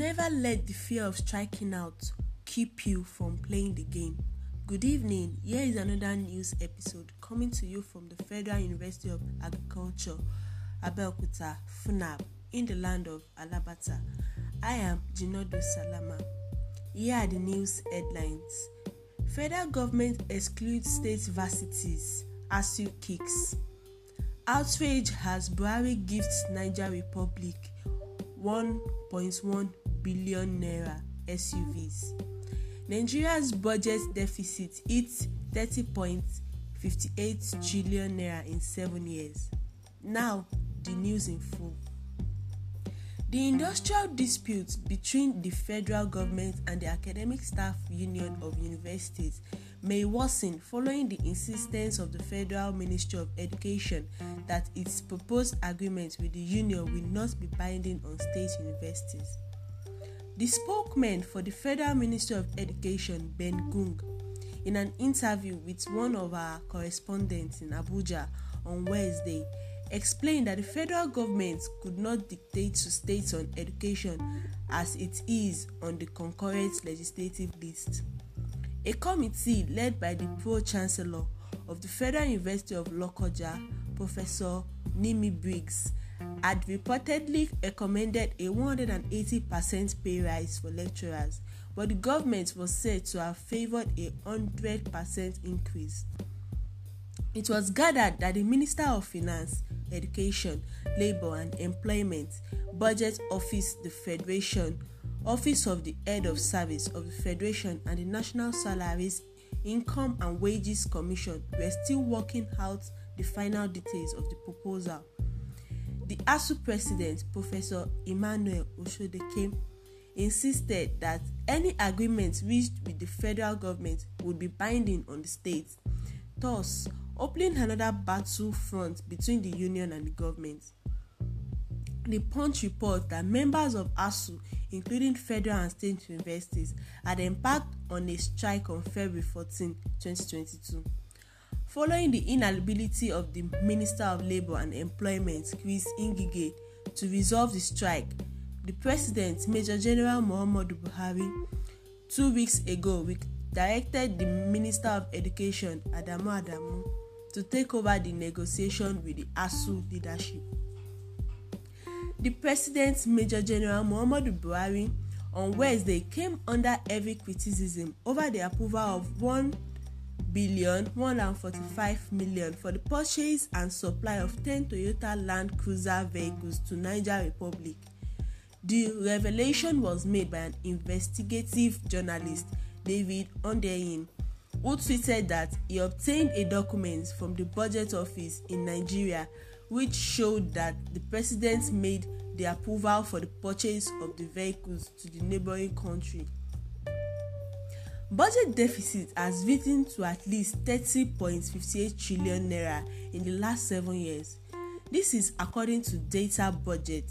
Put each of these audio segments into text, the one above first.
Never let the fear of striking out keep you from playing the game. Good evening. Here is another news episode coming to you from the Federal University of Agriculture, Abeokuta, FUNAB, in the land of Alabata. I am Jinodo Salama. Here are the news headlines. Federal government excludes state varsities as you kicks. Outrage has Buhari gifts Niger Republic 1.1 billion naira SUVs. Nigeria's budget deficit hits 30.58 trillion naira in seven years. Now, the news in full. The industrial dispute between the federal government and the Academic Staff Union of Universities may worsen following the insistence of the Federal Ministry of Education that its proposed agreement with the union will not be binding on state universities. The spokesman for the Federal Ministry of Education, Ben Gung, in an interview with one of our correspondents in Abuja on Wednesday, explained that the federal government could not dictate to states on education as it is on the concurrent legislative list. A committee led by the Pro Chancellor of the Federal University of Lokoja, Professor Nimi Briggs, had reportedly recommended a 180% pay rise for lecturers, but the government was said to have favoured a 100% increase. It was gathered that the Minister of Finance, Education, Labour and Employment, Budget Office, the Federation, Office of the Head of Service of the Federation, and the National Salaries, Income and Wages Commission were still working out the final details of the proposal. The ASU president, Professor Emmanuel Oshodeke, insisted that any agreement reached with the federal government would be binding on the states, thus opening another battlefront between the union and the government. The Punch reports that members of ASU, including federal and state universities, had embarked on a strike on February 14, 2022. Following the inability of the Minister of Labour and Employment, Chris Ngige, to resolve the strike, the President, Major General Muhammadu Buhari, two weeks ago directed the Minister of Education, Adamu Adamu, to take over the negotiation with the ASUU leadership. The President, Major General Muhammadu Buhari, on Wednesday came under heavy criticism over the approval of one billion one and forty-five million for the purchase and supply of ten Toyota Land Cruiser vehicles to Niger Republic. The revelation was made by an investigative journalist, David Ondeyin, who tweeted that he obtained a document from the budget office in Nigeria which showed that the president made the approval for the purchase of the vehicles to the neighboring country. Budget deficit has risen to at least 30.58 trillion naira in the last seven years. This is according to data budget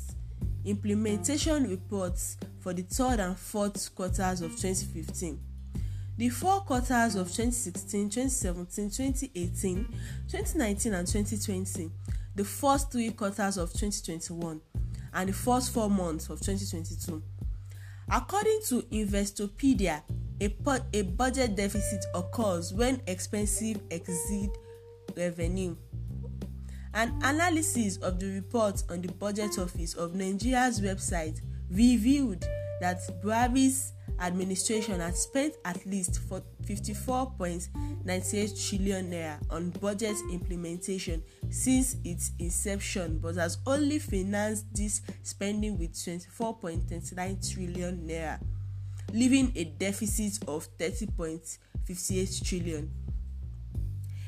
implementation reports for the third and fourth quarters of 2015. The four quarters of 2016, 2017, 2018, 2019, and 2020, the first three quarters of 2021, and the first four months of 2022. According to Investopedia, A, put, a budget deficit occurs when expenses exceed revenue. An analysis of the report on the Budget Office of Nigeria's website revealed that Buhari's administration had spent at least 54.98 trillion naira on budget implementation since its inception but has only financed this spending with 24.39 trillion naira leaving a deficit of thirty point fifty-eight trillion.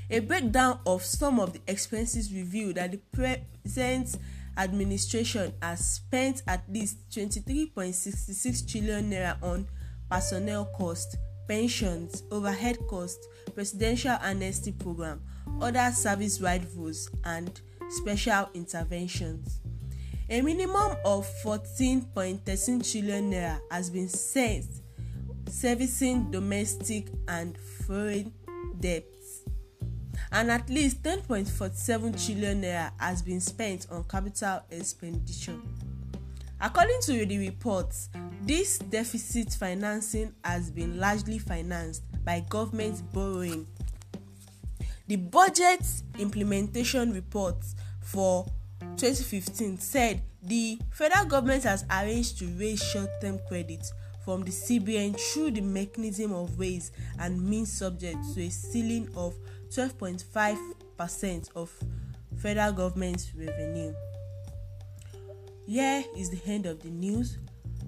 A breakdown of some of the expenses revealed that the present administration has spent at least twenty-three point sixty-six trillion naira on personnel costs, pensions, overhead costs, presidential amnesty program, other service-wide votes, and special interventions. A minimum of 14.13 trillion naira has been sent servicing domestic and foreign debts. And at least 10.47 trillion naira has been spent on capital expenditure. According to the report, this deficit financing has been largely financed by government borrowing. The budget implementation report for 2015 said the federal government has arranged to raise short-term credit from the CBN through the mechanism of ways and means subject to a ceiling of 12.5% of federal government's revenue. Here is the end of the news.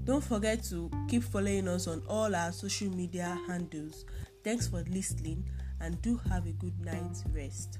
Don't forget to keep following us on all our social media handles. Thanks for listening and do have a good night's rest.